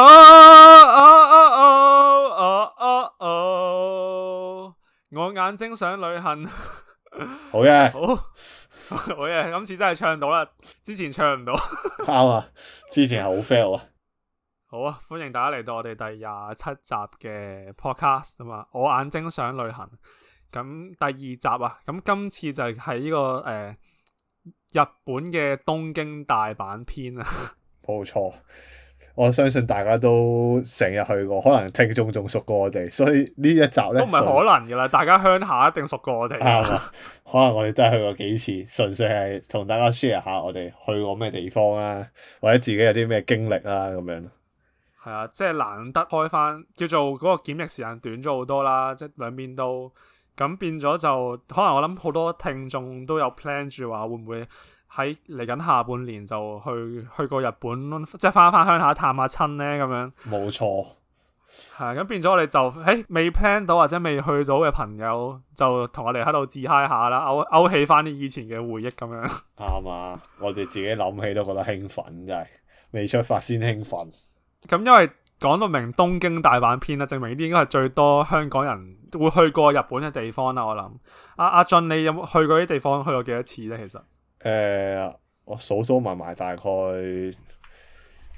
哦哦哦哦哦哦，我眼睛想旅行，好嘅，好，好嘅，今次真係唱到啦，之前唱唔到，啱啊，之前好 fail 啊，好啊，歡迎大家嚟到我哋第廿七集嘅 podcast 啊嘛，我眼睛想旅行，咁第二集啊，咁今次就係呢、這個誒、呃、日本嘅東京大阪篇啊 錯，冇錯。我相信大家都成日去過，可能聽眾仲熟過我哋，所以呢一集咧都唔係可能嘅啦。 大家鄉下一定熟過我哋、 啊。可能我哋都係去過幾次，純粹係同大家 share 下我哋去過咩地方啊，或者自己有啲咩經歷啦咁樣。係啊，即係難得開翻，叫做嗰個檢疫時間短咗好多啦，即係兩邊都咁變咗就，可能我諗好多聽眾都有 plan 住話會唔會，喺嚟緊下半年就去去過日本即係翻翻鄉下探下親咧，咁樣。冇錯錯，係咁、啊、變咗我哋就喺未 plan 到或者未去到嘅朋友，就同我哋喺度自嗨下啦，勾勾起翻啲以前嘅回憶咁樣。啱 啊，我哋自己諗起都覺得興奮，真係未出發先興奮。咁、啊、因為講到明東京大阪篇啦，證明呢啲應該係最多香港人會去過日本嘅地方啦。我諗阿阿俊，你有冇去過啲地方？去過幾多次咧？其實。誒、呃，我數數埋埋大概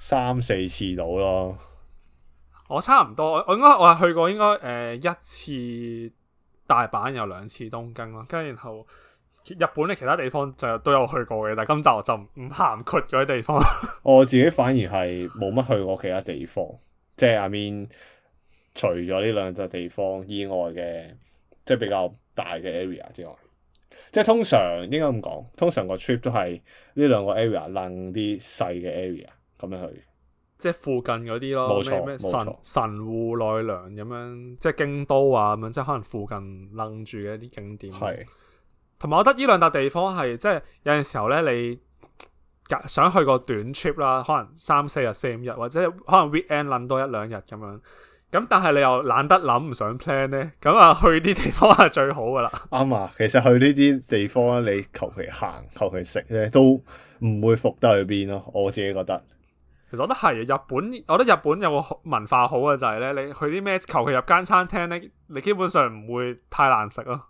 三四次到咯。我差唔多，我應該我係去過應該誒、呃、一次大阪，有兩次東京咯。跟住然後日本嘅其他地方就都有去過嘅，但係今集我就唔含括咗啲地方。 我自己反而係冇乜去過其他地方，即係阿面除咗呢兩笪地方以外嘅，即係比較大嘅 area 之外。即係通常應該咁講，通常個 trip 都係呢兩個 area，擸啲細嘅 area 咁樣去。即係附近嗰啲咯，咩冇錯，神冇錯，神戶奈良咁樣，即係京都啊，咁樣，即係可能附近擸住嘅一啲景點。係，係。同埋我覺得呢兩笪地方係，即係有陣時候咧，你想去個短 trip 啦，可能三四日、四五日，或者可能 weekend 擸多一兩日咁樣。咁但係你又懶得諗，唔想 plan 咧，咁啊去啲地方係最好噶啦。啱啊、嗯，其實去呢啲地方咧，你求其行求其食咧，都唔會伏得去邊咯。我自己覺得，其實我都係日本，我覺得日本有個文化好嘅就係、是、咧，你去啲咩求其入間餐廳咧，你基本上唔會太難食咯。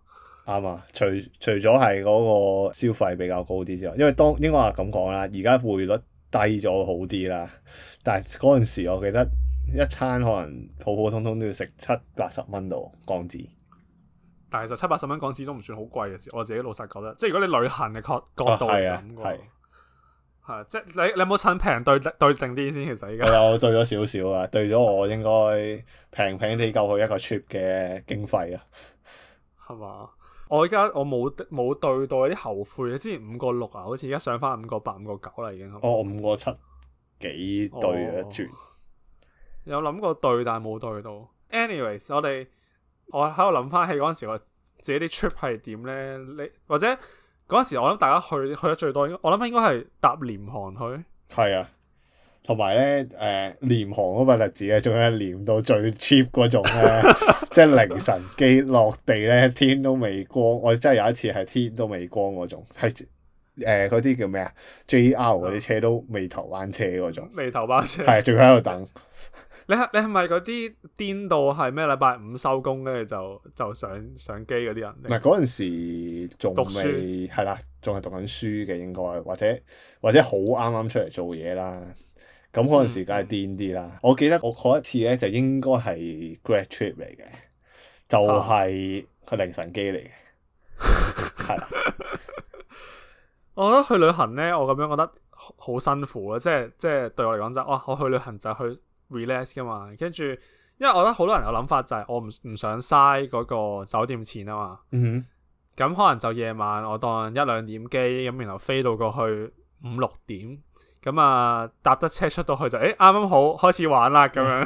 啱啊、嗯，除除咗係嗰個消費比較高啲之外，因為當應該話咁講啦，而家匯率低咗好啲啦，但係嗰陣時我記得。一餐可能普普通通都要食七八十蚊度港紙，但係其實七八十蚊港紙都唔算好貴嘅。我自己老實覺得，即係如果你旅行嘅角角度嚟、哦哦、啊，嘅、啊，係即係你你有冇趁平對對定啲先？其實而家係啊，我對咗少少啊，對咗我應該平平地夠去一個 trip 嘅經費啊，係嘛？我而家我冇冇對到有啲後悔。之前五個六啊，好似而家上翻五個八五個九啦，已經哦，五個七幾對啊，一轉。有諗過對，但係冇對到。Anyways，我哋我喺度諗翻起嗰陣時，我自己啲 trip 係點咧？你或者嗰陣時我諗大家去去得最多，我諗應該係搭廉航去。係啊，同埋咧，誒、呃，廉航嗰個日子咧，仲要廉到最 cheap 嗰種咧、啊， 即係凌晨機落地咧，天都未光。我真係有一次係天都未光嗰種，係誒嗰啲叫咩啊？JR 嗰啲車都未頭班車嗰種，未頭班車係仲喺度等。 你你係咪嗰啲癲到係咩禮拜五收工咧，就就上上機嗰啲人？唔係嗰陣時仲讀書係啦，仲係讀緊書嘅應該，或者或者好啱啱出嚟做嘢啦。咁嗰陣時梗係癲啲啦。嗯、我記得我嗰一次咧就應該係 grad trip 嚟嘅，就係、是、去凌晨機嚟嘅，係啦。我覺得去旅行咧，我咁樣覺得好辛苦啊！即係即係對我嚟講就哇，我去旅行就去。relax 噶嘛，跟住，因為我覺得好多人嘅諗法就係我唔唔想嘥嗰個酒店錢啊嘛，咁、嗯、哼可能就夜晚我當一兩點機，咁然後飛到過去五六點，咁啊搭得車出到去就誒啱啱好開始玩啦咁樣。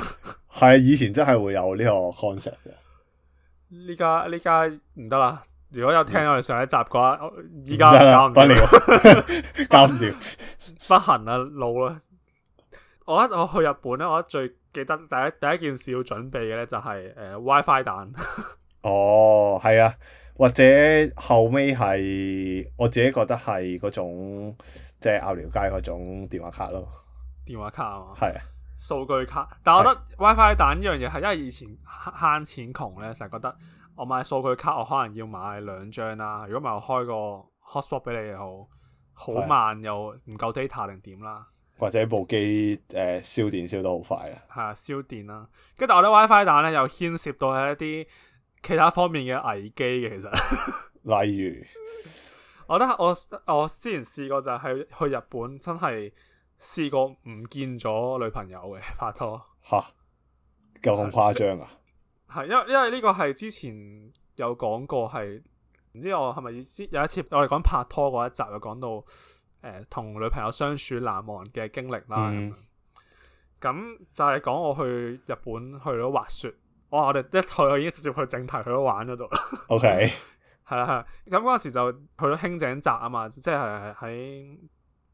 係、嗯、以前真係會有呢個 concept 嘅。呢家呢家唔得啦，如果有聽我哋上一集嘅話，依家、嗯、搞唔掂，了 搞唔掂、 啊，不行啊老啦。我一我去日本咧，我最記得第一第一件事要準備嘅咧就係、是、誒、呃、WiFi 蛋。 哦，係啊，或者後尾係我自己覺得係嗰種即係、就是、鴨寮街嗰種電話卡咯。電話卡啊？係啊。數據卡，但係我覺得 WiFi 蛋呢樣嘢係因為以前慳錢窮咧，成日覺得我買數據卡我可能要買兩張啦。如果唔係我開個 hotspot 俾你又好，好慢又唔夠 data 定點啦。或者部機誒燒電燒得好快啊，吓燒、啊、電啦、啊，跟住我啲 WiFi 蛋咧又牽涉到係一啲其他方面嘅危機嘅，其實， 例如，我覺得我我之前試過就係去日本真係試過唔見咗女朋友嘅拍拖，吓夠咁誇張啊？係、啊、因為因為呢個係之前有講過係，唔知我係咪意思？有一次有我哋講拍拖嗰一集就講到。誒，同女朋友相處難忘嘅經歷啦，咁、嗯、就係、是、講我去日本去咗滑雪，哇！我哋一去我已經直接去正題去咗玩嗰度。O K. 係啦，咁嗰陣時就去咗輕井澤啊嘛，即係喺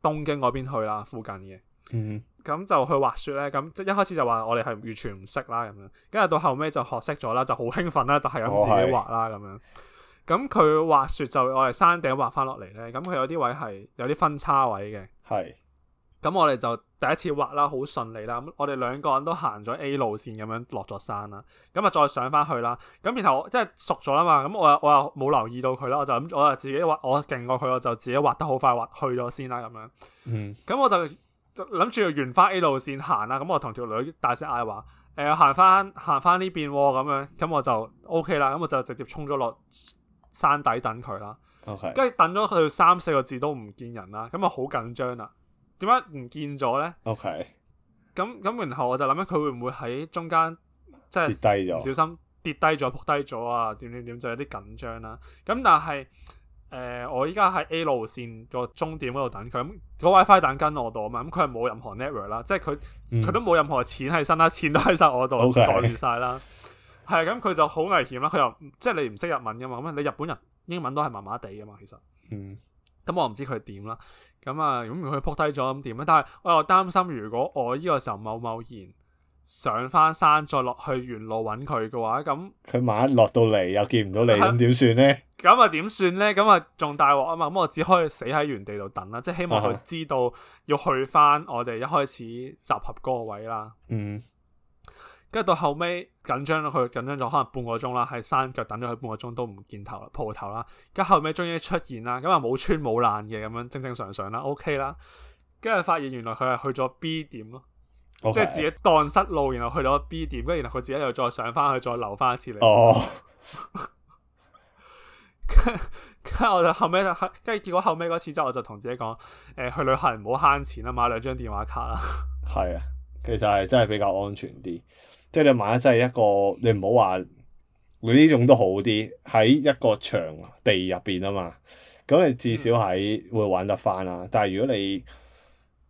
東京嗰邊去啦，附近嘅。咁、嗯、就去滑雪咧，咁即一開始就話我哋係完全唔識啦，咁樣，跟住到後尾就學識咗啦，就好興奮啦，就係自己滑啦咁、哦、樣。咁佢滑雪就我哋山頂滑翻落嚟咧，咁佢有啲位係有啲分叉位嘅。係，咁我哋就第一次滑啦，好順利啦。咁我哋兩個人都行咗 A 路線咁樣落咗山啦。咁啊再上翻去啦。咁然後我即係熟咗啦嘛。咁我，我又我又冇留意到佢啦。我就諗我就自己滑，我勁過佢，我就自己滑得好快滑去咗先啦。咁樣，嗯，咁我就諗住沿翻 A 路線行啦。咁我同條女大聲嗌話，誒、呃，行翻行翻呢邊咁樣。咁我就 O K 啦。咁我就直接衝咗落。山底等佢啦，跟住 Okay. 等咗佢三四個字都唔見人啦，咁啊好緊張啦。點解唔見咗咧？咁咁 Okay.，然後我就諗咧，佢會唔會喺中間即係跌低咗，唔小心跌低咗，仆低咗啊？點點點就有啲緊張啦。咁但係誒、呃，我依家喺 A 路線終、個終點嗰度等佢，咁個 WiFi 蛋跟我度啊嘛。咁佢係冇任何 network 啦，即係佢佢都冇任何錢喺身啦，錢都喺晒我度，攰晒啦。 係咁，佢就好危險啦。佢又即係你唔識日文噶嘛？咁你日本人英文都係麻麻地噶嘛？其實，咁、嗯嗯、我唔知佢點啦。咁、嗯、啊，如果佢扑低咗，咁點啊？但係我又擔心，如果我呢個時候貿貿然上翻山，再落去原路揾佢嘅話，咁佢馬一落到嚟又見唔到你，咁點算呢？咁啊、嗯，點算呢？咁啊，仲大鑊啊嘛！咁我只可以死喺原地度等啦，即係希望佢知道要去翻我哋一開始集合嗰個位啦。嗯。跟住到後尾緊張咗，佢緊張咗可能半個鐘啦，喺山腳等咗佢半個鐘都唔見頭啦，蒲頭啦，跟住後尾終於出現啦，咁啊冇穿冇爛嘅，咁樣正正常常啦，OK 啦，跟住發現原來佢係去咗 B 點咯，Okay. 即係自己蕩失路，然後去咗 B 點，跟住然後佢自己又再上翻去，再留翻一次嚟。哦，跟跟住我就後尾跟住結果後尾嗰次之後，我就同自己講，誒、呃，去旅行唔好慳錢啊，買兩張電話卡啊。係啊，其實係真係比較安全啲。即係你萬一真係一個，你唔好話你呢種都好啲，喺一個場地入邊啊嘛，咁你至少喺會玩得翻啦。但係如果你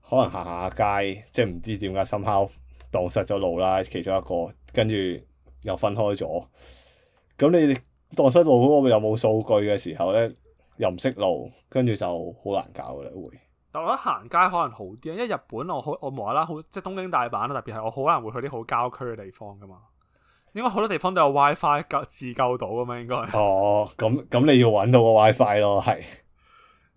可能行下街，即係唔知點解 somehow 蕩失咗路啦，其中一個跟住又分開咗。咁你蕩失路嗰個又冇數據嘅時候咧，又唔識路，跟住就好難搞啦會。但我覺得行街可能好啲，因為日本我好我無啦啦好，即係東京大阪啦，特別係我好難會去啲好郊區嘅地方㗎嘛。應該好多地方都有 WiFi 夠自救到㗎嘛，應該。哦，咁咁你要揾到個 WiFi 咯，係。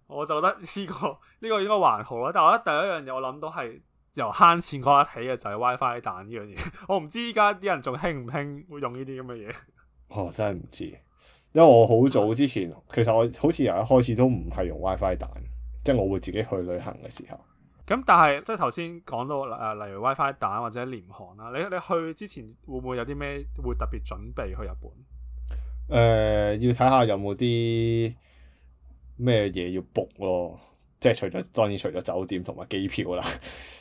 我就覺得呢個呢個應該還好啦，但我覺得第一樣嘢我諗到係由慳錢嗰日起嘅就係、是、WiFi 蛋呢樣嘢。我唔知依家啲人仲興唔興會用呢啲咁嘅嘢。哦，真係唔知，因為我好早之前、啊、其實我好似由一開始都唔係用 WiFi 蛋。即係我會自己去旅行嘅時候，咁、嗯、但係即係頭先講到誒、呃，例如 WiFi 蛋、或者廉航啦，你你去之前會唔會有啲咩會特別準備去日本？誒、呃，要睇下有冇啲咩嘢要 book 咯，即係除咗當然除咗酒店同埋機票啦，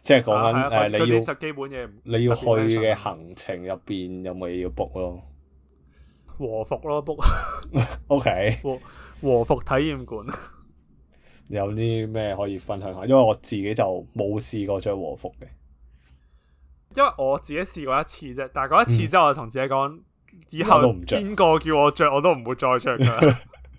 即係講緊誒你要基本嘢，你要去嘅行程入邊有冇嘢要 book 咯？和服咯 book，OK，和和服體驗館。有啲咩可以分享下？因為我自己就冇試過着和服嘅，因為我自己試過一次啫。但係嗰一次之後，我就同自己講，嗯、以後邊個叫我着，我都唔會再着噶。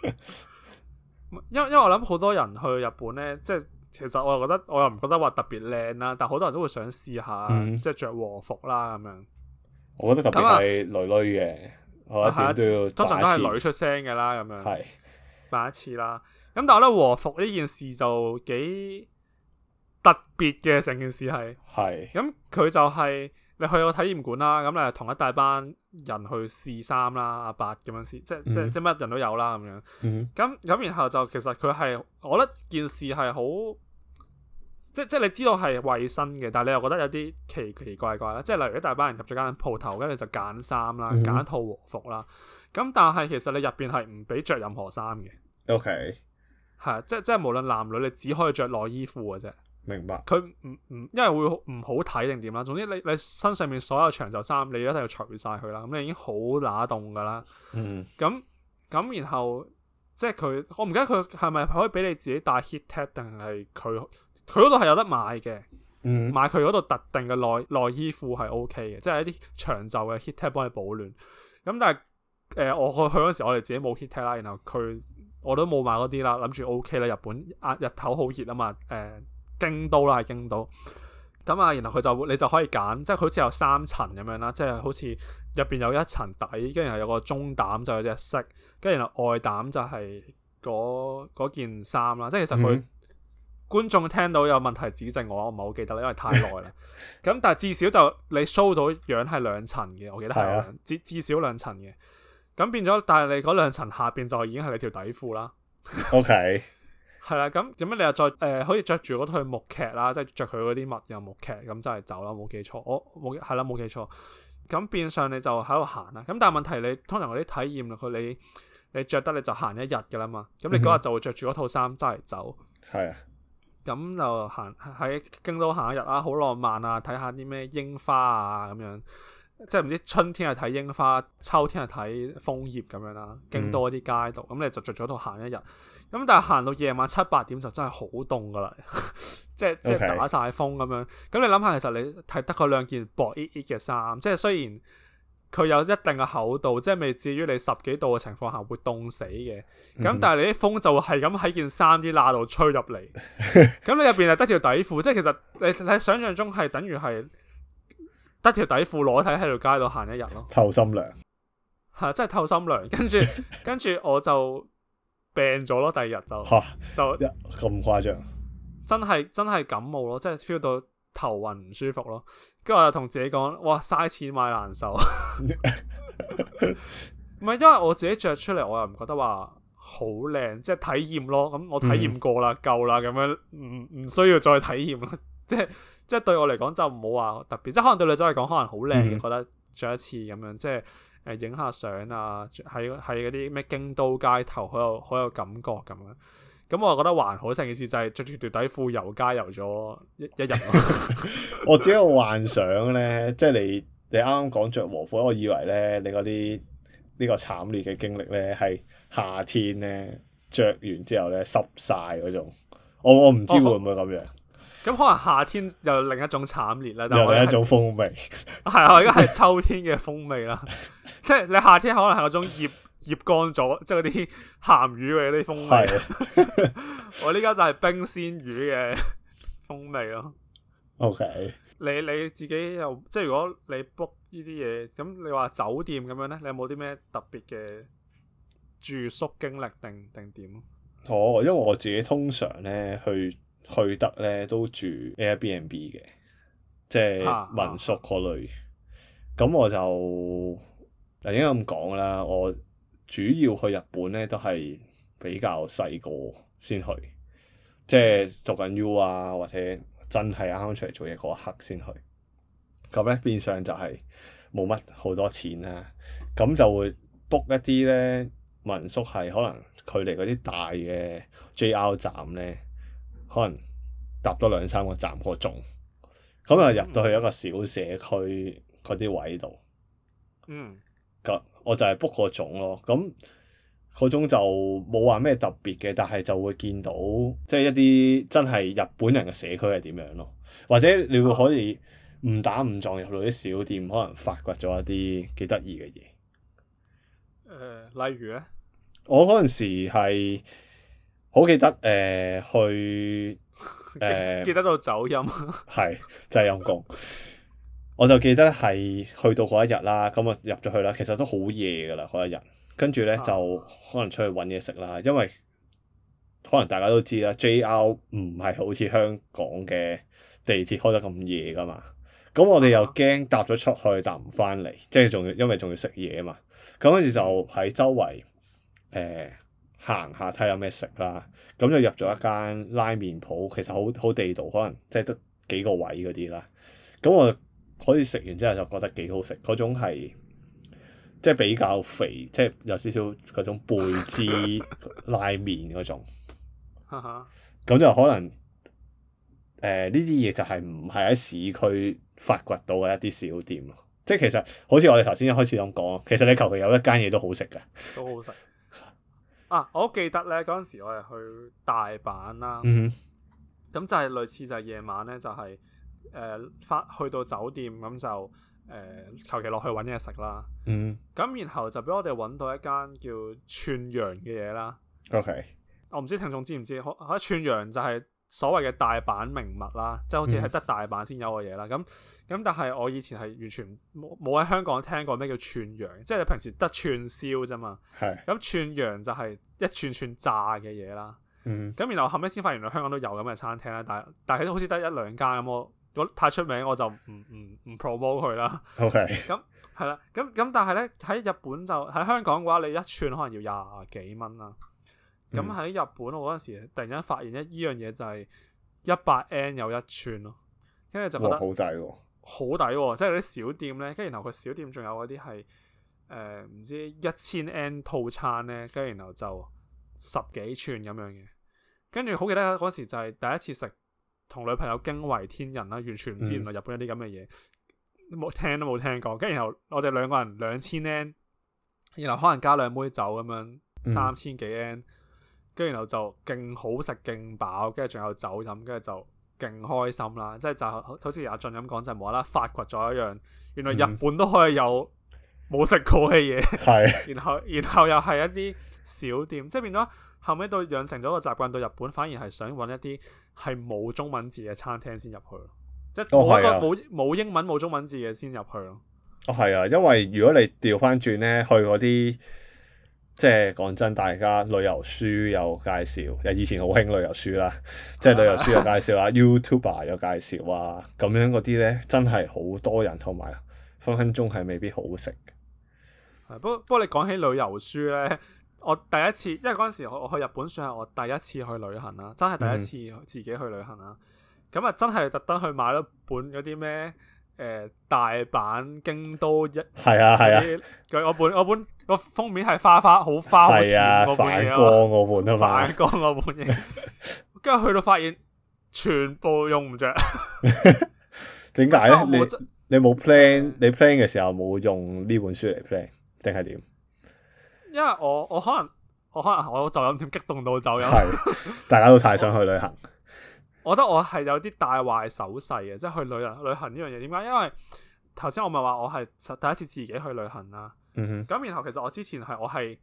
因為因為我諗好多人去日本咧，即係其實我又覺得我又唔覺得話特別靚啦、啊。但好多人都會想試下，嗯、即係著和服啦咁樣。我覺得特別係女女嘅，嗯、我覺得一定通常都係女出聲嘅啦，咁樣。係是，扮一次啦。咁但係我覺得和服呢件事就幾特別嘅，成件事係，咁佢是、嗯、就係、是、你去個體驗館啦，咁你同一大班人去試衫啦，阿、啊、伯咁樣試，即係即係即係乜人都有啦咁樣，咁咁、嗯、然後就其實佢係我覺得件事係好，即係即係你知道係衛生嘅，但係你又覺得有啲奇奇怪怪咧，即係例如一大班人入咗間鋪頭，跟、嗯、住就揀衫啦，揀一套和服啦，咁但係其實你入邊係唔俾着任何衫嘅，OK。係，即即係無論男女，你只可以着內衣褲嘅啫。明白。佢唔唔，因為會唔好睇定點啦。總之你你身上面所有長袖衫，你一定要除晒佢啦。咁你已經好乸凍噶啦。咁咁、嗯、然後即係佢，我唔記得佢係咪可以俾你自己帶 heat 貼，定係佢佢嗰度係有得買嘅。嗯。買佢嗰度特定嘅內內衣褲係 O K 嘅，即係一啲長袖嘅 heat 貼幫你保暖。咁但係誒、呃，我去去嗰時我哋自己冇 heat 貼啦，然後佢。我都冇買嗰啲啦，諗住 O K 啦。日本日頭好熱啊嘛，誒、呃、京都啦，係京都。咁啊，然後佢就你就可以揀，即係佢好似有三層咁樣層啦，即係好似入邊有一層底，跟住有個中膽就有隻色，跟住然後外膽就係嗰件衫啦。即係其實佢、嗯、觀眾聽到有問題指正我，我唔係好記得，因為太耐啦。咁 但係至少就你 show 到樣係兩層嘅，我記得係啊，至至少兩層嘅。咁變咗，但係你嗰兩層下邊就已經係你條底褲啦。OK，係啦。 咁點解你又再誒可以着住嗰套木屐啦，即係著佢嗰啲襪有木屐咁，揸嚟走啦。冇記錯，哦，冇係啦，冇記錯。咁變相你就喺度行啦。咁但係問題你，你通常嗰啲體驗佢你你著得，你，你就行一日㗎啦嘛。咁你嗰日就會着住嗰套衫揸嚟走。係、mm hmm. 啊，咁就行喺京都行一日啦，好浪漫啊！睇下啲咩櫻花啊咁樣。即係唔知春天係睇櫻花，秋天係睇楓葉咁樣啦，京都啲街道，咁、嗯嗯、你就着咗度行一日。咁但係行到夜晚七八點就真係好凍噶啦，即係即係打晒風咁樣。咁 Okay. 你諗下，其實你係得嗰兩件薄啲啲嘅衫，即係雖然佢有一定嘅厚度，即係未至於你十幾度嘅情況下會凍死嘅。咁、嗯、哼但係你啲風就會係咁喺件衫啲罅度吹入嚟。咁 你入邊係得條底褲，即係其實你你想象中係等於係。得條底褲裸體喺條街度行一日咯，透心涼吓、啊，真係透心涼。跟住 跟住我就病咗咯，第二日就哈就咁誇張，真係真係感冒咯，即係 feel 到頭暈唔舒服咯。就跟住我又同自己講，哇，嘥錢買難受，唔 係 因為我自己着出嚟，我又唔覺得話好靚，即係體驗咯。咁我體驗過啦，夠啦、嗯，咁樣唔唔需要再體驗啦，即係。即係對我嚟講就唔好話特別，即係可能對女仔嚟講可能好靚，嗯、覺得着一次咁樣，即係誒影下相啊，喺喺嗰啲咩京都街頭好有好有感覺咁樣。咁我又覺得還好。成件事就係着住條底褲遊街遊咗一一日。我只有幻想咧，即係你你啱啱講着和服，我以為咧你嗰啲呢個慘烈嘅經歷咧係夏天咧着完之後咧濕晒嗰種。我我唔知會唔會咁樣。哦咁、嗯、可能夏天又另一種慘烈咧，但係一種風味。係啊是，而家係秋天嘅風味啦， 即係你夏天可能係嗰種醃醃 乾咗，即係嗰啲鹹魚嘅啲風味。 我呢家就係冰鮮魚嘅風味咯。OK，你你自己又即係如果你 book 呢啲嘢，咁你話酒店咁樣咧，你有冇啲咩特別嘅住宿經歷定定點哦，oh, 因為我自己通常咧去。去得咧都住 Airbnb 嘅，即係民宿嗰類。咁、啊啊、我就嗱應該咁講啦，我主要去日本咧都係比較細個先去，即係讀緊 U 啊，或者真係啱啱出嚟做嘢嗰刻先去。咁咧變相就係冇乜好多錢啦、啊，咁就會 book 一啲咧民宿係可能距離嗰啲大嘅 JR 站咧。可能搭多兩三個站個種，咁啊入到去一個小社區嗰啲位度，嗯，咁我就係 book 個種咯，咁個種就冇話咩特別嘅，但係就會見到即係、就是、一啲真係日本人嘅社區係點樣咯，或者你會可以誤打誤撞入去啲小店，可能發掘咗一啲幾得意嘅嘢。誒、呃，例如咧，我嗰陣時係。好記得誒、呃、去誒、呃、記得到走音，係、嗯、就係陰公。 我就記得係去到嗰一日啦，咁啊入咗去啦，其實都好夜㗎啦嗰一日。跟住咧就可能出去搵嘢食啦，因為可能大家都知啦，JR 唔係好似香港嘅地鐵開得咁夜㗎嘛。咁我哋又驚搭咗出去搭唔返嚟，即係仲要因為仲要食嘢啊嘛。咁跟住就喺周圍誒、呃行下睇有咩食啦，咁就入咗一間拉麵鋪，其實好好地道，可能即係得幾個位嗰啲啦。咁我可以食完之後就覺得幾好食，嗰種係即係比較肥，即係有少少嗰種背脂拉麵嗰種。哈哈，咁就可能誒呢啲嘢就係唔係喺市區發掘到嘅一啲小店。即係其實好似我哋頭先一開始咁講，其實你求其有一間嘢都好食嘅，都好食。啊！我記得咧，嗰陣時我係去大阪啦，咁、嗯、就係類似就係夜晚咧，就係誒返去到酒店咁就誒求其落去揾嘢食啦。嗯，咁然後就俾我哋揾到一間叫串羊嘅嘢啦。OK，我唔知聽眾知唔知可串羊就係、是。所謂嘅大阪名物啦，即係好似係得大阪先有嘅嘢啦。咁咁、嗯，但係我以前係完全冇冇喺香港聽過咩叫串羊，即係你平時得串燒啫嘛。係。咁串羊就係一串串炸嘅嘢啦。嗯。咁然後後尾先發現原來香港都有咁嘅餐廳啦，但係但係都好似得一兩間咁。我如果太出名我就唔唔唔 promote 佢啦。OK。咁係啦。咁咁但係咧喺日本就喺香港嘅話，你一串可能要廿幾蚊啦。咁喺、嗯、日本，我嗰陣時突然間發現一依樣嘢就係一百 N 有一串咯，跟住就覺得、哦、好抵喎、哦，好抵即係啲小店咧，跟住然後佢小店仲有嗰啲係誒唔知一千 N 套餐咧，跟住然後就十幾串咁樣嘅。跟住好記得嗰陣時就係第一次食，同女朋友驚為天人啦，完全唔知原來日本有啲咁嘅嘢，冇聽都冇聽過。跟住然後我哋兩個人兩千 N，然後可能加兩杯酒咁樣，三千幾 N、嗯。跟住然後就勁好食勁飽，跟住仲有酒飲，跟住就勁開心啦！即係就好似阿俊咁講，就無啦，發掘咗一樣，一樣原來日本都可以有冇食過嘅嘢。係、嗯， 然後然後又係一啲小店， 即係變咗後尾都養成咗個習慣，到日本反而係想揾一啲係冇中文字嘅餐廳先入去，即係冇一個冇冇英文冇中文字嘅先入去咯。哦，係啊，因為如果你調翻轉呢，去嗰啲。即係講真，大家旅遊書有介紹，又以前好興旅遊書啦，即係旅遊書有介紹啊 ，YouTuber 有介紹啊，咁樣嗰啲咧真係好多人，同埋分分鐘係未必好食啊。不過不過你講起旅遊書咧，我第一次，因為嗰陣時我我去日本算係我第一次去旅行啦，真係第一次自己去旅行啦，咁啊、嗯、真係特登去買咗本嗰啲咩？誒、呃，大阪、京都一係啊，係啊，佢、啊、我本我本個封面係花花好花，花，係啊，光反光我本啊快 光我本嘢，跟 住去到發現全部用唔着，點解咧？你你冇 plan， 你 plan 嘅時候冇用呢本書嚟 plan 定係點？因為我我，我，可我，可我可能我可能我就有點激動到走音， 大家都太想去旅行。我覺得我係有啲大壞手勢嘅，即係去旅行旅行呢樣嘢點解？因為頭先我咪話我係第一次自己去旅行啦。咁、嗯、哼然後其實我之前係我係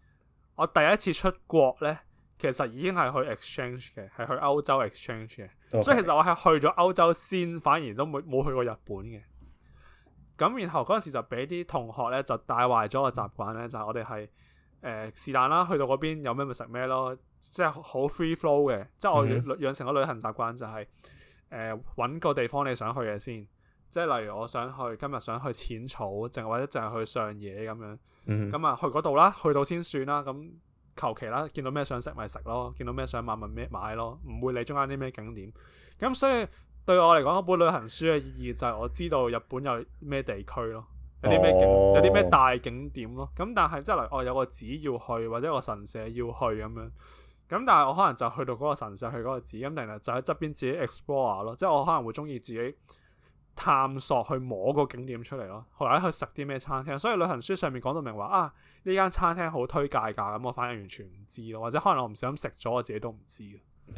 我第一次出國咧，其實已經係去 exchange 嘅，係去歐洲 exchange 嘅。Okay. 所以其實我係去咗歐洲先，反而都冇冇去過日本嘅。咁然後嗰陣時就俾啲同學咧就帶壞咗個習慣咧，就係、是、我哋係誒是但啦、呃，去到嗰邊有咩咪食咩咯。即係好 free flow 嘅，即係我養成個旅行習慣就係誒揾個地方你想去嘅先，即係例如我想去今日想去淺草，淨係或者淨係去上野咁樣，咁啊、嗯、哼去嗰度啦，去到先算啦。咁求其啦，見到咩想食咪食咯，見到咩想買咪咩買咯，唔會理中間啲咩景點。咁所以對我嚟講，一本旅行書嘅意義就係我知道日本有咩地區咯，有啲咩景、哦、有啲咩大景點咯。咁但係即係嚟，我有個寺要去，或者有個神社要去咁樣。咁但係我可能就去到嗰個神社去嗰個寺，咁定係就喺側邊自己 explore 咯，即係我可能會中意自己探索去摸個景點出嚟咯。後來去食啲咩餐廳，所以旅行書上面講到明話啊呢間餐廳好推介噶，咁我反而完全唔知咯。或者可能我唔小心食咗，我自己都唔知。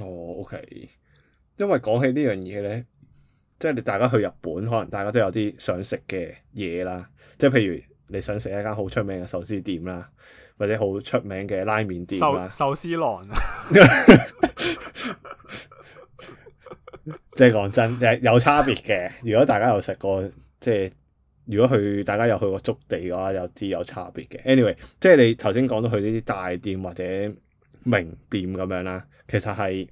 哦，oh, OK，因為講起呢樣嘢咧，即係你大家去日本，可能大家都有啲想食嘅嘢啦，即係譬如你想食一間好出名嘅壽司店啦。或者好出名嘅拉麵店啦、啊，壽司郎啊！即係講真，有差別嘅。如果大家有食過，即係如果去大家有去過築地嘅話，有知有差別嘅。Anyway，即係你頭先講到去呢啲大店或者名店咁樣啦，其實係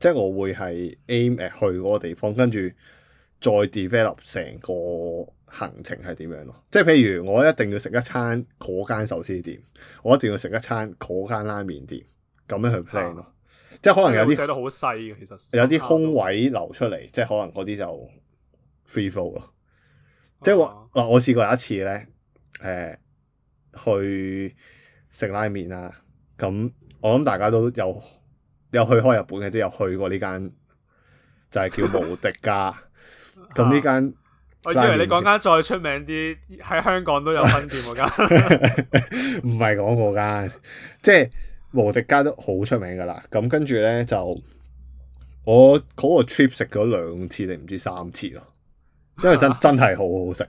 即係我會係 aim 去嗰個地方，跟住再 develop 成個。行程係點樣咯？即係譬如我一定要食一餐嗰間壽司店，我一定要食一餐嗰間拉麵店，咁樣去 plan 咯、嗯。即係可能有啲寫得好細嘅，其實有啲空位流出嚟，即係可能嗰啲就 free flow 咯。即係話嗱，我試過有一次咧，誒、呃、去食拉麵啊。咁、嗯、我諗大家都有有去開日本嘅，都有去過呢間，就係、是、叫無敵家。咁呢間。啊。我以為你講間再出名啲喺香港都有分店嗰間，唔係講嗰間，即係無敵家都好出名噶啦。咁跟住咧就我嗰個 trip 食咗兩次定唔知三次咯，因為真、啊、真係好好食。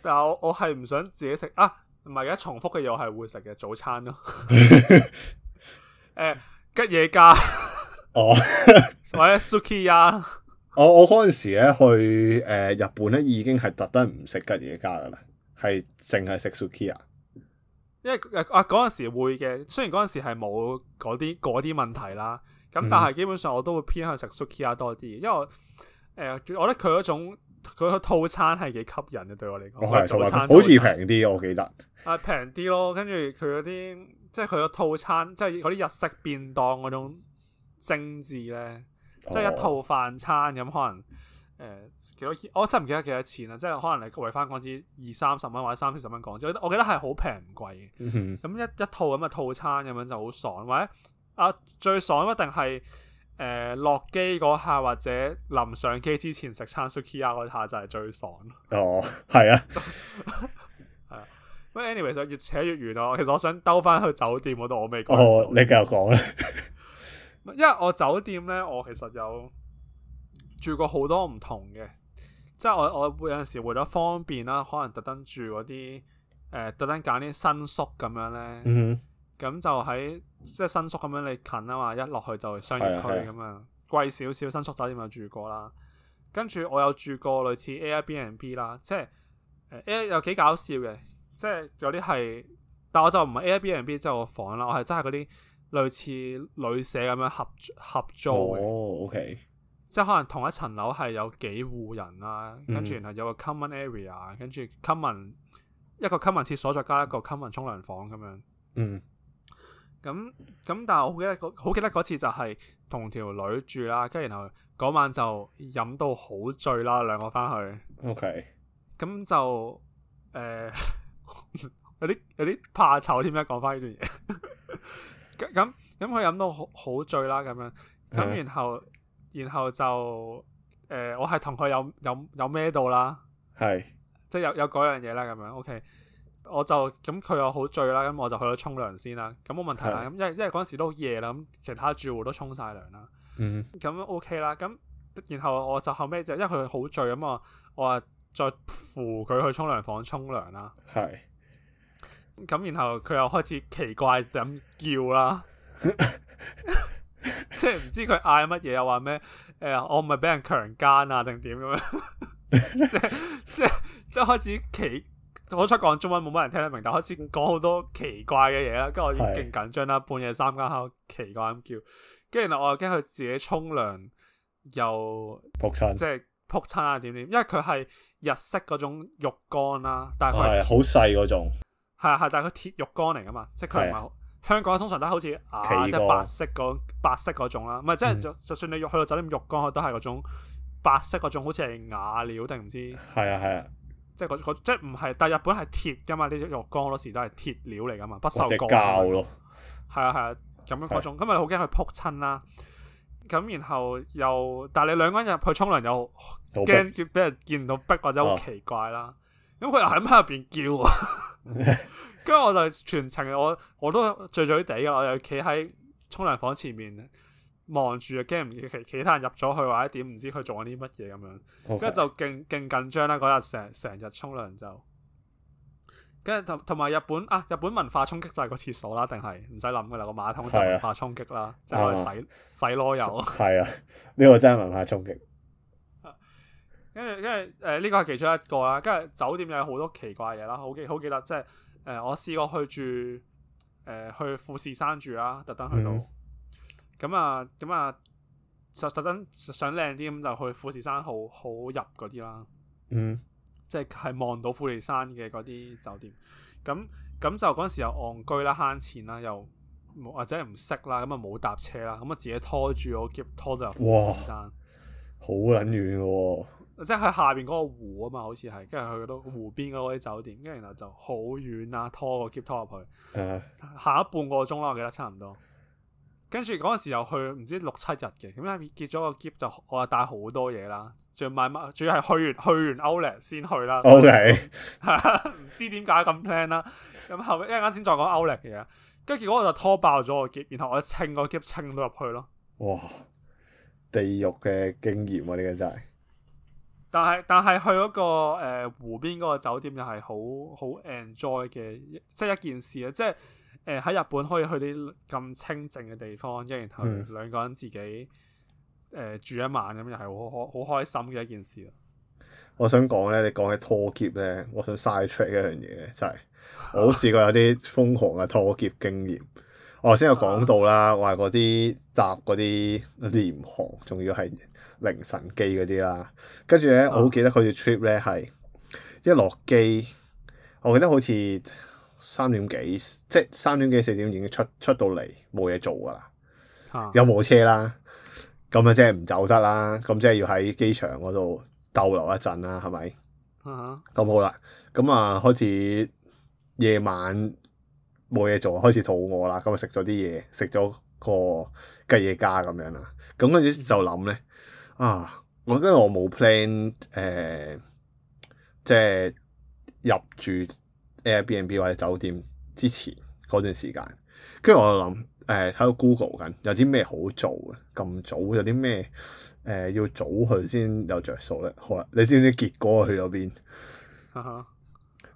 但係我我係唔想自己食啊，唔係而家重複嘅又我係會食嘅早餐咯、 呃。吉野家，哦， 或者 Suki 啊。我我嗰陣時咧去誒日本咧，已經係特登唔食吉野家噶啦，係淨係食 Sukiya 因為阿嗰陣時會嘅，雖然嗰陣時係冇嗰啲嗰啲問題啦，咁但係基本上我都會偏向食 Sukiya 多啲，因為我誒、呃，我覺得佢嗰種佢個套餐係幾吸引嘅，對我嚟講、哦，早餐好似平啲，我記得啊平啲咯，跟住佢嗰啲即係佢個套餐，即係嗰啲日式便當嗰種精致咧。即係一套飯餐咁、嗯嗯、可能誒、呃、幾，幾多錢？我真係唔記得幾多錢啦。即係可能你為翻港紙二三十蚊或者三四十蚊港紙，我我記得係好平唔貴嘅。咁、嗯嗯哼嗯、一一套咁嘅套餐咁樣就好爽，或者啊最爽一定係誒落機嗰下機或者臨上機之前食餐 Sukiya 嗰下就係最爽哦，係啊，係啊。 咁 Anyway 就越扯越遠咯。其實我想兜翻去酒店嗰度，我未講。哦，你繼續講啦。 因為我酒店咧，我其實有住過好多唔同嘅，即係我我有陣時為咗方便啦，可能特登住嗰啲誒特登揀啲新宿咁樣咧，咁、嗯、哼就喺即係新宿咁樣你近啊嘛，一落去就係商業區咁樣、嗯、哼貴少少，新宿酒店有住過啦。跟住我有住過類似 Airbnb 啦，即係誒 Air 又幾搞笑嘅，即係有啲係，但我就唔係 Airbnb 即係我房啦，我係真係嗰啲。類似旅社咁樣合合租，哦、oh，OK，即係可能同一層樓係有幾戶人啦、啊，跟住、mm hmm. 然後有個 common area，跟住 common 一個 common 廁所再加一個 common 沖涼房咁樣、mm hmm. 嗯，嗯，咁、嗯、咁、嗯、但係我好記得好記得嗰次就係同條女住啦，跟住然後嗰晚就飲到好醉啦，兩個翻去，OK，咁、嗯、就誒、呃、 有啲有啲怕醜添啊，講翻呢段嘢。 咁咁佢飲到好好醉啦，咁樣咁、嗯、然後然後就誒、呃、我係同佢有有有咩到啦，係是即係有有嗰樣嘢啦，咁樣 OK，我就咁佢又好醉啦，咁我就去咗沖涼先啦，咁冇問題啦，咁是因為因為嗰陣時都好夜啦，咁其他住戶都沖晒涼啦，嗯，咁 OK 啦，咁然後我就後尾，就因為佢好醉咁啊，我話再扶佢去沖涼房沖涼啦，係。咁然後佢又開始奇怪咁叫啦， 即係唔知佢嗌乜嘢，又話咩誒，我唔係俾人強奸啊，定點咁樣， 即係即係即係開始奇，我出講中文冇乜人聽得明，但係開始講好多奇怪嘅嘢啦。跟住我已經勁緊張啦，半夜三更喺度奇怪咁叫，跟住然後我又驚佢自己沖涼又扑親，即係扑親啊點點，因為佢係日式嗰種浴缸啦、啊哎，但係佢係好細嗰種。係啊係，但係佢鐵浴缸嚟噶嘛，即係佢唔係香港通常都係好似瓦即係白色嗰白色嗰種啦，唔係即係就就算你去到酒店浴缸，佢都係嗰種白色嗰種，種，種好似係瓦料定唔知？係啊係啊，啊即係即係唔係？但係日本係鐵噶嘛，呢啲浴缸嗰時都係鐵料嚟噶嘛，不鏽鋼。或者膠咯，係啊係啊，咁、啊、樣嗰種，咁咪好驚佢撲親啦。咁然後又，但係你兩個人入去沖涼又驚俾逼人見到逼或者好奇怪啦。啊啊咁佢又喺咁喺入邊叫，跟住我就全程我我都醉醉地嘅，我又企喺沖涼房前面望住，驚唔知其其他人入咗去或者點 Okay.，唔知佢做緊啲乜嘢咁樣，跟住就勁勁緊張啦。嗰日成成日沖涼就，跟住同同埋日本啊，日本文化衝擊就係個廁所啦，定係唔使諗噶啦，個馬桶就係文化衝擊啦，即係洗洗囉柚，係啊，呢個真係文化衝擊。因為因為誒，呢個係其中一個啦。跟住酒店又有好多奇怪嘢啦。好記好記得，即係誒，我試過去住誒、呃、去富士山住啦，特登去到咁啊，咁啊、嗯，特特登想靚啲咁就去富士山好好入嗰啲啦。嗯，即係係望到富士山嘅嗰啲酒店。咁咁就嗰陣時又戇居啦，慳錢啦，又或者唔識啦，咁啊冇搭車啦，咁啊自己拖住我 keep 拖到入富士山，好撚遠嘅。即係喺下邊嗰個湖啊嘛，好似係，跟住去到湖邊嗰啲酒店，跟住然後就好遠啊，拖個喼拖入去，行、uh, 一半個鐘啦，我記得差唔多。跟住嗰陣時又去唔知六七日嘅，咁樣結咗個喼就我又帶好多嘢啦，仲要買乜？仲要係去完去完 Outlet 先去啦。O K，唔知點解咁 plan 啦，咁後尾一陣啱先再講 Outlet 嘅嘢，跟住結果我就拖爆咗個喼，然後我一清個喼清到入去咯。哇！地獄嘅經驗啊，呢個真係。但係但係去嗰、那個、呃、湖邊嗰個酒店又係好好 enjoy 嘅，即係一件事啊！即係誒喺日本可以去啲咁清靜嘅地方，即然後兩個人自己誒、呃、住一晚咁，又係好好好開心嘅一件事啊！我想講咧，你講起拖喼咧，我想 side track 一樣嘢，真係我試過有啲瘋狂嘅拖喼經驗。 我先有講到啦，話嗰啲搭嗰啲廉航，仲要係凌晨機嗰啲啦。跟住咧，啊、我好記得佢條 trip 咧係一落機，我記得好似三點幾，即係三點幾，三點幾四點已經出出到嚟，冇嘢做㗎啦，啊、有冇車啦，咁啊即係唔走得啦，咁即係要喺機場嗰度逗留一陣啦，係咪？咁、啊、好啦，咁啊開始夜晚。冇嘢做，開始肚餓啦，咁啊食咗啲嘢，食咗個吉野家咁樣啦，咁跟住就諗咧，啊，我跟住我冇 plan 誒，即係入住 Airbnb 或者酒店之前嗰段時間，跟住我就諗誒，喺、呃、度 Google 緊有啲咩好做，咁早有啲咩誒要早去先有着數咧，好啦，你知唔知結果去咗邊？Uh huh.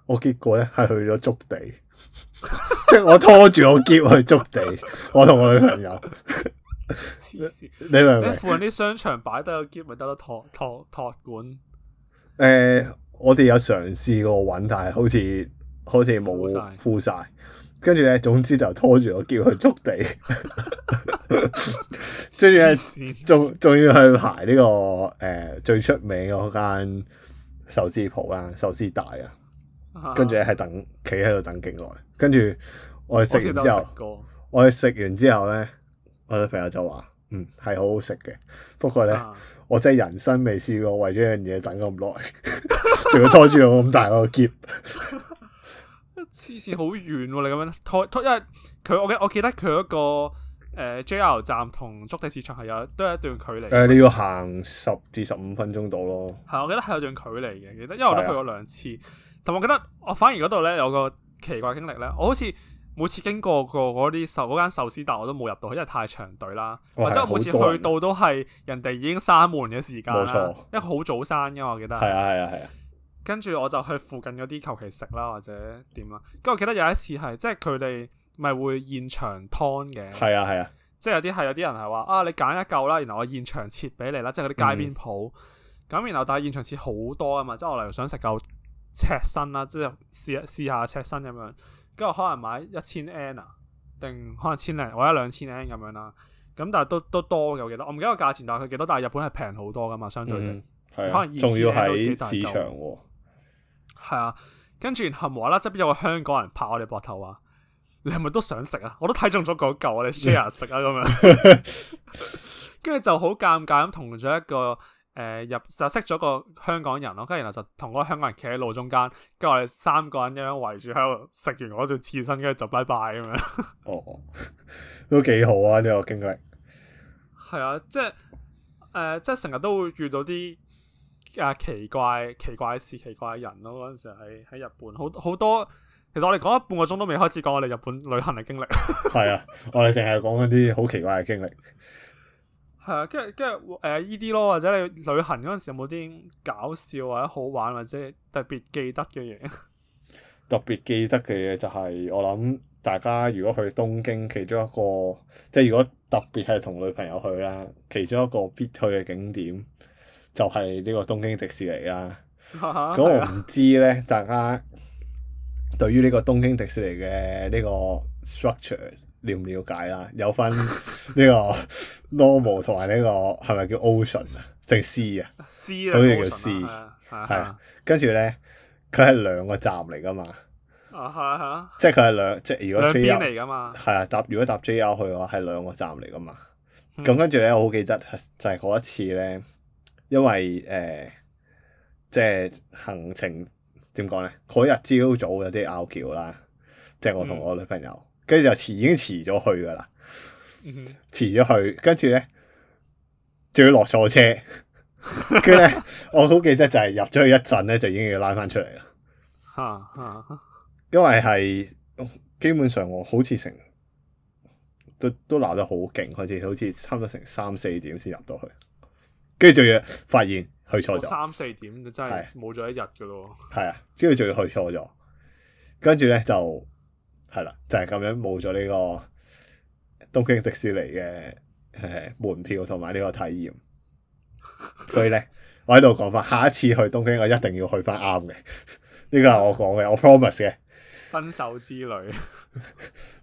我結果咧係去咗築地。 即係我拖住個篋去築地， 我同我女朋友。黐線， 你，你明唔明？附近啲商場擺低個篋咪得咯，托託托管。誒、呃，我哋有嘗試過搵，但係好似好似冇敷晒了，敷了，跟住咧，總之就拖住個篋去築地，跟住仲仲要去排呢、這個誒、呃、最出名嗰間壽司鋪啦，壽司大啊！跟住係等，企喺度等勁耐。跟住我哋食完之後，我哋食完之後咧，我女朋友就話：嗯，係好好食嘅。不過咧，啊、我真係人生未試過為咗一樣嘢等咁耐，仲要 拖住我咁大個箧。黐線好遠、啊，你咁樣拖拖，因為佢我我記得佢一個誒 J R 站同築地市場係有都有一段距離。誒、呃，你、這、要、個、行十至十五分鐘到咯。係，我記得係有段距離嘅。記得，因為我都去過兩次。同埋，我覺得我反而嗰度咧有個奇怪經歷咧，我好似每次經過個嗰啲壽嗰間壽司，但我都冇入到，因為太長隊啦。或者我每次去到都係人哋已經閂門嘅時間啦、啊，因為好早閂嘅。我記得係啊係啊係啊。啊啊，跟住我就去附近嗰啲求其食啦或者點啦。跟住我記得有一次係即係佢哋咪會現場劏嘅，係啊係啊。啊，即係有啲係有啲人係話啊，你揀一嚿啦，然後我現場切俾你啦，即係嗰啲街邊鋪咁。嗯、然後，但係現場切好多啊嘛，即係我例如想食嚿。赤身啦，即係試試下赤身咁樣，跟住可能買一千円啊，定可能千零，或者兩千円咁樣啦。咁但係都都多嘅，幾多？我唔記得個價錢，但係佢幾多？但係日本係平好多噶嘛，相對嚟，嗯、可能仲要喺市場幾大嚿。係啊，跟住然後無啦啦，側邊有個香港人拍我哋膊頭啊。你係咪都想食啊？我都睇中咗嗰嚿，我哋 share 食啊咁樣。跟住、嗯、 就好尷尬咁同咗一個。誒、嗯，入就識咗個香港人咯，跟住然後就同嗰個香港人企喺路中間，跟住我哋三個人一樣圍住喺度食完嗰段刺身，跟住就拜拜咁樣。哦，都幾好啊呢，嗯、個經歷。係啊，即係誒、呃，即係成日都會遇到啲啊奇怪奇怪事，奇怪人咯。嗰陣時係喺日本，好好多。其實我哋講咗半個鐘都未開始講我哋日本旅行嘅經歷。係、嗯、 啊，我哋淨係講嗰啲好奇怪嘅經歷。係啊，跟住跟住誒依啲咯，或者你旅行嗰陣時有冇啲搞笑或者好玩或者特別記得嘅嘢？特別記得嘅嘢就係、是、我諗大家如果去東京，其中一個即係如果特別係同女朋友去啦，其中一個必去嘅景點就係呢個東京迪士尼啦。咁、啊、我唔知咧， 大家對於呢個東京迪士尼嘅呢個 structure。了唔了解啦，有分呢個 normal 同埋呢個係咪叫 Ocean 啊？定 Sea 啊？Sea 啊，好似叫 Sea，係啊。跟住咧，佢係、嗯、兩個站嚟噶嘛。啊嚇嚇，即係佢係兩即係如果 JR，兩邊嚟噶嘛。係啊，搭如果搭 JR 去嘅話係兩個站嚟噶嘛。咁、嗯、跟住咧，我好記得就係嗰一次咧，因為誒即係行程點講咧？嗰日朝早有啲拗撬啦，即係我同我女朋友。嗯跟住就遲已經遲咗去噶啦，遲咗去，跟住咧仲要落錯車，跟住咧我好記得就係入咗去一陣咧就已經要拉翻出嚟，啦，吓吓，因為係基本上我好似成都都鬧得好勁，好似好似差唔多成三四點先入到去，跟住仲要發現去錯咗，三四點就真係冇咗一日噶咯，係啊，之後仲要去錯咗，跟住咧就。係啦，就係、是、咁樣冇咗呢個東京迪士尼嘅誒門票同埋呢個體驗， 所以咧我喺度講翻，下一次去東京我一定要去翻啱嘅，呢個係我講嘅，我 promise 嘅。分手之旅？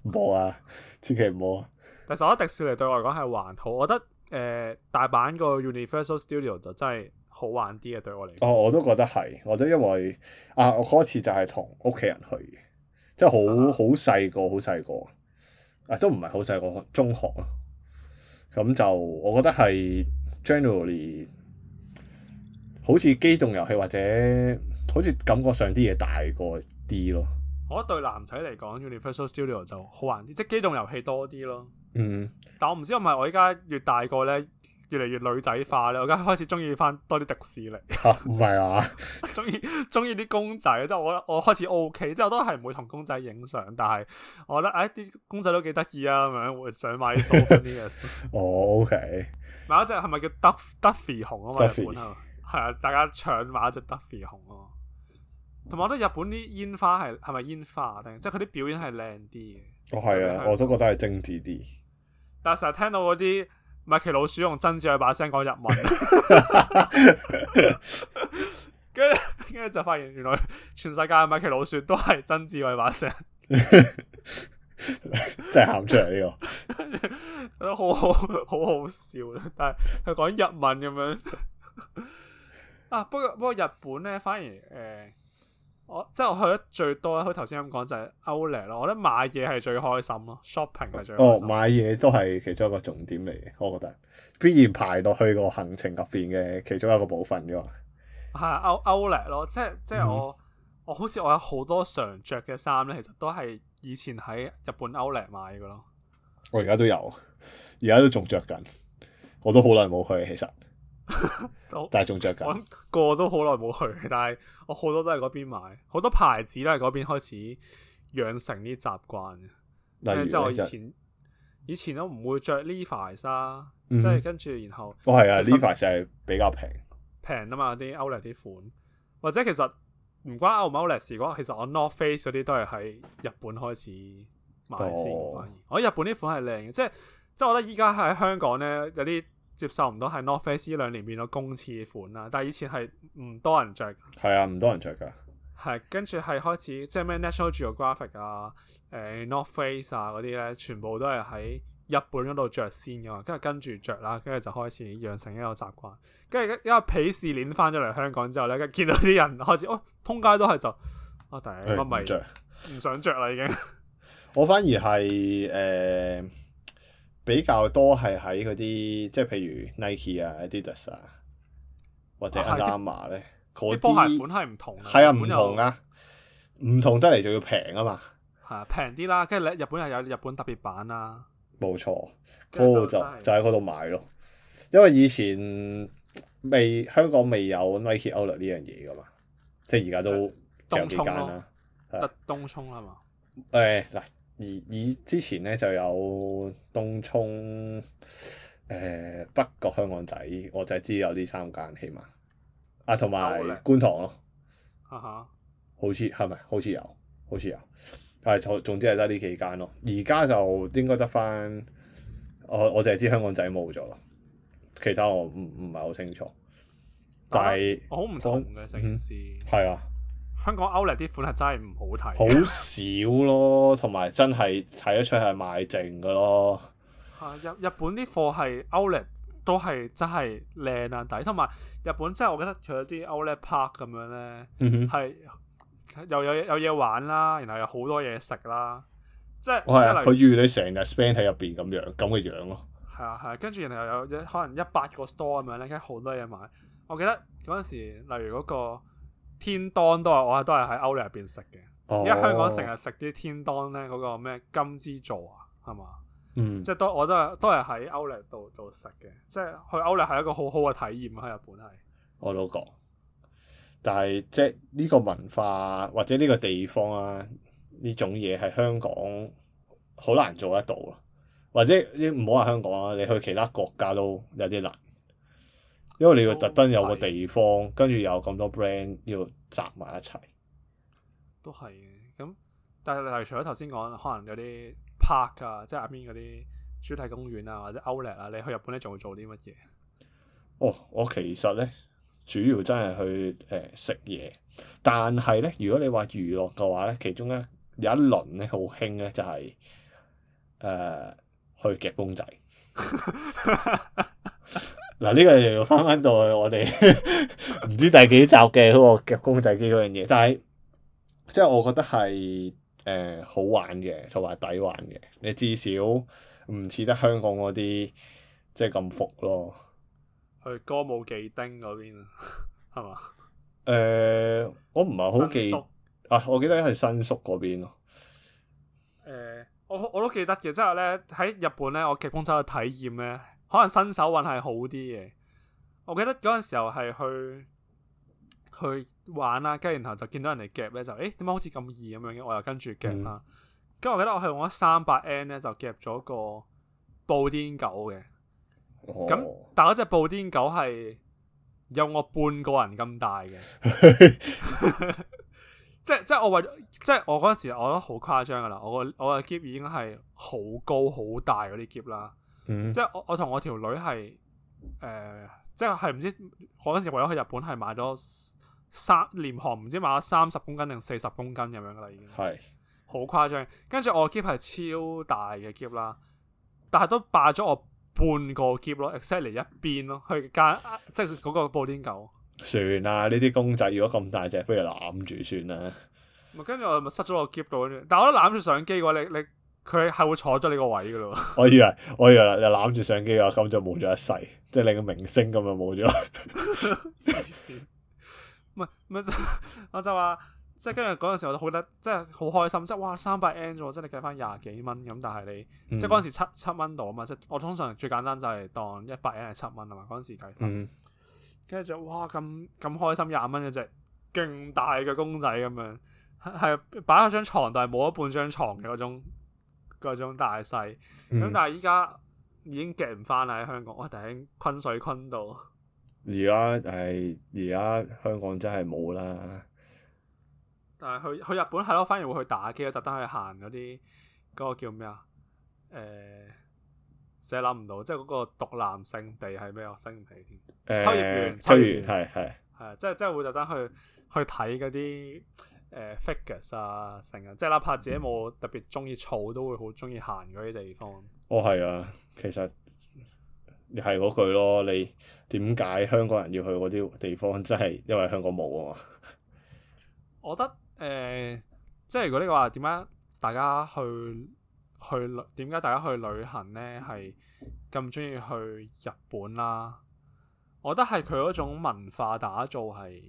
冇 啊，千祈唔好啊。但係實我覺得迪士尼對我嚟講係還好，我覺得誒、呃、大阪個 Universal Studio 就真係好玩啲啊！對我嚟講，哦，我都覺得係，我都因為啊，我嗰次就係同屋企人去。即係好好細個，好細個，啊都唔係好細個，中學咯。咁就我覺得係 generally 好似機動遊戲或者好似感覺上啲嘢大過啲咯。我覺得對男仔嚟講，Universal Studio 就好玩啲，即係機動遊戲多啲咯。嗯，但我唔知係咪我依家越大個咧，越嚟越女仔化咧，我而家開始中意翻多啲迪士尼，唔係啊，中意中意啲公仔，即係我我開始 OK，即係我都係唔會同公仔影相，但係我覺得，誒啲公仔都幾得意啊，咁樣我想買啲 souvenirs 哦 O K，買一隻係咪叫 Duffy uff, 熊啊嘛？Duffy 日本係啊，大家搶買一隻 Duffy 熊咯，同埋我覺得日本啲煙花係係咪煙花啊？定即係佢啲表演係靚啲嘅？哦係啊，的我都覺得係精致啲，但係成日聽到嗰啲。米奇老鼠用曾志偉把聲講日文，跟住跟住就發現原來全世界米奇老鼠都係曾志偉把聲， 真係喊出嚟呢、 呢個，覺得 好好好好笑，但係佢講日文咁樣 啊，不過不過日本咧反而誒。呃我即係我去得最多，佢頭先咁講就係 outlet 咯。我覺得買嘢係最開心咯，shopping 係最開心。哦，買嘢都係其中一個重點嚟嘅，我覺得必然排落去個行程入邊嘅其中一個部分噶嘛。係歐 outlet 咯，即係即係我、嗯、我好似我有好多常着嘅衫咧，其實都係以前喺日本 outlet 買嘅咯。我而家都有，而家都仲着緊，我都好耐冇去其實。 但係仲着緊，個都好耐冇去。但係我好多都係嗰邊買，好多牌子都係嗰邊開始養成啲習慣嘅。例如、嗯，即係我以前以前都唔會着 Levi’s 即係跟住然後哦係啊，Levi’s 係比較平平啊嘛，啲歐萊啲款，或者其實唔關歐摩勒事，如果其實我 North Face 嗰啲都係喺日本開始買先。我、哦、日本啲款係靚嘅，即係即係我覺得依家喺香港咧有啲。有接受唔到係 North Face 呢兩年變咗公廁款啦，但係以前係唔多人着，係啊，唔多人着㗎。係跟住係開始即係咩 National Geographic 啊、誒、呃、North Face 啊嗰啲咧，全部都係喺日本嗰度着先嘅嘛，跟住跟住着啦，跟住就開始養成一個習慣。跟住因為鄙視鏈翻咗嚟香港之後咧，跟住見到啲人開始，哦，通街都係就，哦哎、我突然間唔着，唔想着啦已經。 我反而係誒。呃比較多係喺嗰啲，即係譬如 Nike 啊、Adidas 些啊，或者阿 Dama 咧，啲波鞋款係唔同嘅，係啊唔同啊，唔同得嚟仲要平啊嘛，係平啲啦。跟住你日本係有日本特別版啦，冇錯錯，度就就喺嗰度買咯。因為以前未香港未有 Nike Outlet 呢樣嘢噶嘛，即係而家都有幾間啦，得東湧係對嘛？誒嗱、okay。而而之前咧就有東涌、誒、呃、北角香港仔，我就係知有呢三間，起碼啊同埋觀塘咯。嚇嚇，好似係咪？好似有，好似有，但係總總之係得呢幾間咯。而家就應該得翻，我我淨係知香港仔冇咗咯，其他我唔唔係好清楚。但係好唔同嘅城市。係啊。香港 Outlet 啲款係真係唔好睇，好少咯，同埋 真係睇得出係賣剩嘅咯。日日本啲貨係 Outlet 都係真係靚啊，抵，同埋日本真係我覺得除咗啲 Outlet Park 咁樣呢，係、嗯、哼又有有嘢玩啦，然後有好多嘢食啦，即係佢、哦、預你成日 spend 喺入邊咁樣咁嘅樣咯。係啊係啊，跟住然後又有可能一百個 store 咁樣呢，跟住好多嘢買。我記得嗰陣時，例如嗰、那個。天當都係，我都係喺歐力入邊食嘅，而家、oh. 香港成日食啲天當咧，嗰個咩金之助啊，係嘛，嗯，mm. 即係都我都係都係喺歐力度度食嘅，即係去歐力係一個好好嘅體驗喺日本係，我都講，但係即係呢個文化或者呢個地方啊呢種嘢係香港好難做得到，或者你唔好話香港啦，你去其他國家都有啲難。因為你要特登有個地方，是跟住有咁多 brand 要集埋一齊，都係嘅。咁但係除咗頭先講，可能有啲 park 啊，即係入邊嗰啲主題公園啊，或者 Outlet 啊，你去日本咧仲會做啲乜嘢？哦，我其實咧主要真係去誒食嘢，但係咧如果你話娛樂嘅話咧，其中咧有一輪咧好興咧就係、是、誒、呃、去夾公仔。 嗱，呢個又要翻返到去我哋唔知第幾集嘅嗰個夾公仔機嗰樣嘢，但係即係我覺得係誒、呃、好玩嘅，同埋抵玩嘅。你至少唔似得香港嗰啲即係咁服咯。去歌舞伎町嗰邊係嘛？誒、呃，我唔係好記宿啊！我記得係新宿嗰邊咯。誒、呃，我我都記得嘅，即係咧喺日本咧，我夾公仔去體驗咧。可能新手運係好啲嘅，我記得嗰陣時候係去去玩啦，跟住然後就見到人哋夾咧，就誒點解好似咁易咁樣嘅，我又跟住夾啦。跟住、嗯、我記得我係用咗三百円咧就夾咗個布丁狗嘅，咁、哦、但嗰隻布丁狗係有我半個人咁大嘅， 即係即係我為即係我嗰陣時我，我覺得好誇張噶啦，我我嘅篋已經係好高好大嗰啲篋啦。嗯、即係我我同我條女係誒、呃，即係係唔知嗰陣時為咗去日本係買咗三廉航，唔知買咗三十公斤定四十公斤咁樣㗎啦，已經係好誇張。跟住是 我喼係超大嘅喼啦，但係都霸咗我半個喼咯 except 嚟一邊咯，去夾即係嗰個布丁狗。算啦，呢啲公仔如果咁大隻，不如攬住算啦。跟住我咪塞咗落喼度，但係我都攬住相機嘅你你。你佢係會坐咗你個位噶咯， 我以為我以為又攬住相機啊，咁就冇咗一世，即係你個明星咁就冇咗 。黐線，唔係唔係，我就話，即係跟住嗰陣時，我都好得，即係好開心，即係哇三百円啫，N，即係你計翻廿幾蚊咁，但係你、嗯、即係嗰陣時七七蚊度啊嘛，即係我通常最簡單就係當一百円係七蚊啊嘛，嗰陣時計。嗯。跟住就哇咁咁開心，廿蚊一隻，勁大嘅公仔咁樣，係擺喺張床，但係冇一半張床嘅嗰種。嗰種大細，咁、嗯、但係依家已經夾唔翻啦，喺香港，我頂，昆水昆到。而家係而家香港真係冇啦。但係去去日本係咯，反而會去打機，特登去行嗰啲嗰個叫咩啊？誒、欸，成日諗唔到，即係嗰個獨男聖地係咩啊？升唔起添。秋葉原，秋葉原係係係啊，即係即係會特登去去睇嗰啲。誒、uh, figures 啊，成日等即係哪怕自己冇特別中意草， 都會好中意行嗰啲地方。哦，係 啊，其實你係嗰句咯。你點解香港人要去嗰啲地方？真係因為香港冇啊嘛？ 我覺得誒、呃，即係如果你、這個話，點解大家去去旅？點解大家去旅行呢？係咁中意去日本啦、啊？我覺得係佢嗰種文化打造係。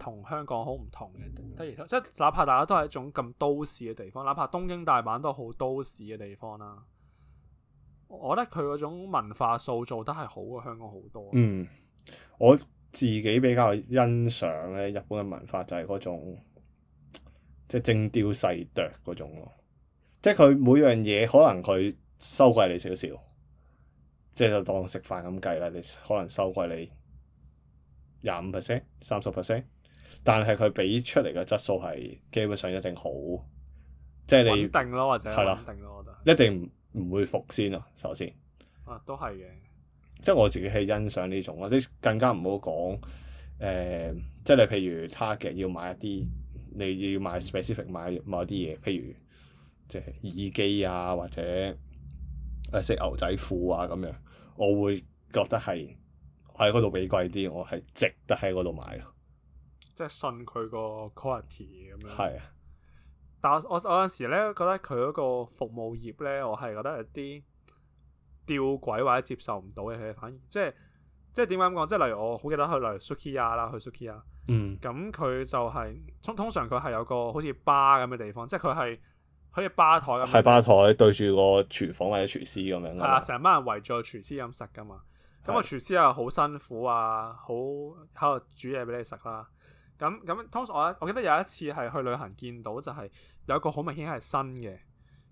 同香港好唔同嘅，即係哪怕大家都係一種咁都市嘅地方，哪怕東京大阪都好都市嘅地方啦。我覺得佢嗰種文化塑造都係好過香港好多。嗯，我自己比較欣賞咧日本嘅文化就係嗰種即係精雕細琢嗰種咯，即係佢每樣嘢可能佢收貴你少少，即係就當食飯咁計啦。你可能收貴你廿五 percent、三十 percent。但係佢俾出嚟嘅質素係基本上一定好，即係你定咯，或者係啦，定咯的，一定唔唔會服先啊，首先啊，都係嘅。即係我自己係欣賞呢種啊，即更加唔好講誒，即係你譬如 target 要買一啲，你要買 specific 買一啲嘢，譬如即係耳機啊，或者誒食牛仔褲啊咁樣，我會覺得係喺嗰度俾貴啲，我係值得喺嗰度買咯。即係信佢個 quality 咁樣。 但係我我有陣時咧覺得佢嗰個服務業咧，我係覺得有啲吊詭或者接受唔到嘅。佢反而即係即係點解咁講？即係例如我好記得去例如 Sukiya 啦、嗯就是，去 Sukiya，嗯，咁佢就係通通常佢係有個好似吧咁嘅地方，即係佢係好似吧台咁，係吧台對住個廚房或者廚師咁樣，係啊，成班人圍住個廚師咁食噶嘛。咁個廚師啊，好是的 辛苦啊，好喺度煮嘢俾你食啦。咁咁，通常我我記得有一次係去旅行見到，就係有一個好明顯係新嘅，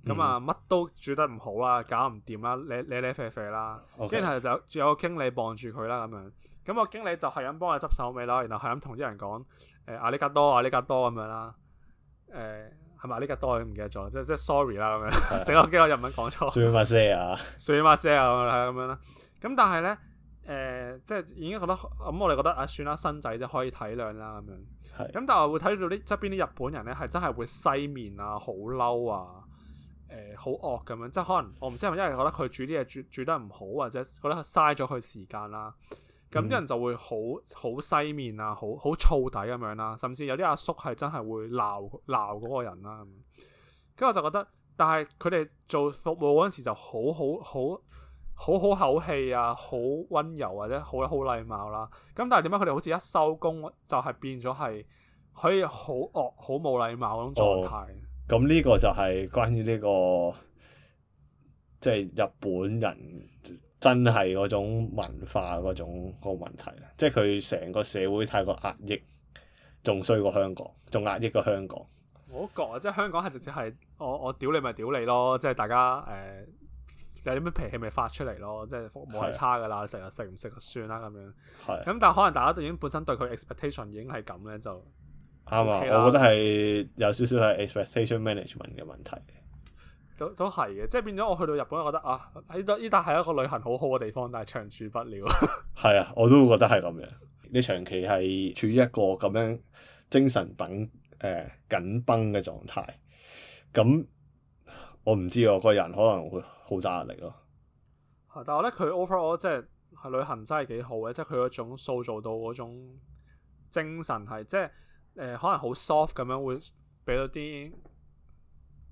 咁啊乜都煮得唔好啦，搞唔掂啦，咧咧咧啡啡啦，跟住係就仲有個經理傍住佢啦咁樣，咁個經理就係咁幫我執手尾啦，然後係咁同啲人講，誒，阿里格多，阿里格多咁樣啦，誒係咪阿里格多？唔記得咗，即即 sorry 啦咁樣，成個經我日文講錯對。Salvatore Salvatore 係咁樣啦，咁但係咧。誒、呃，即係已經覺得咁、嗯，我哋覺得啊，算啦，新仔就可以體諒啦，咁樣係。咁但係會睇到啲側邊啲日本人咧，係真係會西面啊，好嬲啊，誒、呃，好惡咁樣。即係可能我唔知係咪，因為覺得佢煮啲嘢煮煮得唔好，或者覺得嘥咗佢時間啦。咁啲、嗯、人就會好好西面啊，好好燥底咁樣啦。甚至有啲阿叔係真係會鬧鬧嗰個人啦、啊。咁，跟住我就覺得，但係佢哋做服務嗰陣時就好好好。好好好好好好好好好口氣啊，好溫柔、啊、或者好好禮貌啦、啊。咁但係點解佢哋好似一收工就係變咗係可以好惡、好冇禮貌嗰種狀態？咁呢、哦、個就係關於呢、呢個即係日本人真係嗰種文化嗰種、嗰個問題啦。即係佢成個社會太過壓抑，仲衰過香港，仲壓抑過香港。我覺啊，即係香港係直接係我我屌你咪屌你咯，即係大家誒。呃有啲咩脾氣咪發出嚟咯，即係服務係差噶啦，成日食唔食就算啦咁樣。咁的但係可能大家都已經本身對佢 expectation 已經係咁咧，就啱啊！我覺得係有少少係 expectation management 嘅問題。都都係嘅，即係變咗我去到日本我覺得啊，呢度呢度係一個旅行好好嘅地方，但係長住不了。係 啊，我都覺得係咁樣。你長期係處於一個咁樣精神、呃、緊誒緊繃嘅狀態，咁。我唔知喎，個人可能會好大壓力咯。但係我覺得佢 overall 即係旅行真係幾好嘅，即係佢嗰種塑造到嗰種精神係，即係誒、呃、可能好 soft 咁樣會俾到啲，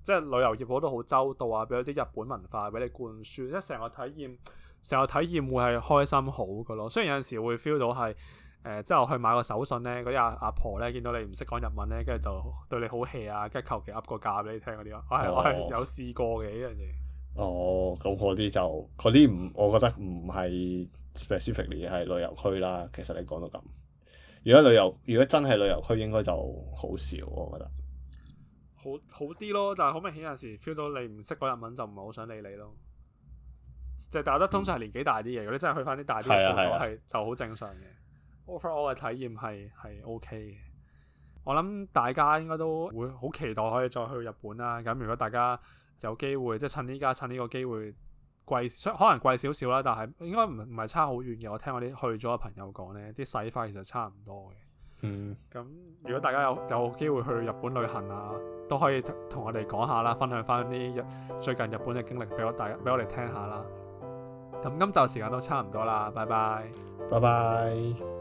即係旅遊業嗰度好周到啊，俾到啲日本文化俾你灌輸，即係成個體驗，成個體驗會係開心好噶咯。雖然有陣時會 feel 到係。誒、呃，之後去買個手信咧，嗰啲阿阿婆咧見到你唔識講日文咧，跟住就對你好 hea 啊，跟住求其噏個價俾你聽嗰啲咯。我係我係有試過嘅呢樣嘢。哦，咁嗰啲就嗰啲唔，我覺得唔係 specifically 係旅遊區啦。其實你講到咁，如果旅遊如果真係旅遊區，應該就好少，我覺得。好好啲咯，但係好明顯有陣時 feel 到你唔識講日文就唔係好想理你咯。就但係我得通常係年紀大啲嘢，如果你真係去翻啲大啲嘅地方係、啊啊、就好正常嘅。Overall，我嘅體驗係係 OK 嘅。我諗大家應該都會好期待可以再去日本啦。咁如果大家有機會，即係趁依家趁呢個機會貴，雖可能貴少少啦，但係應該唔唔係差好遠嘅。我聽我啲去咗嘅朋友講呢啲使費其實差唔多嘅。嗯，咁如果大家有有機會去日本旅行啊，都可以同我哋講下啦，分享翻啲日最近日本嘅經歷俾我大俾我哋聽下啦。咁今集時間都差唔多啦，拜拜，拜拜。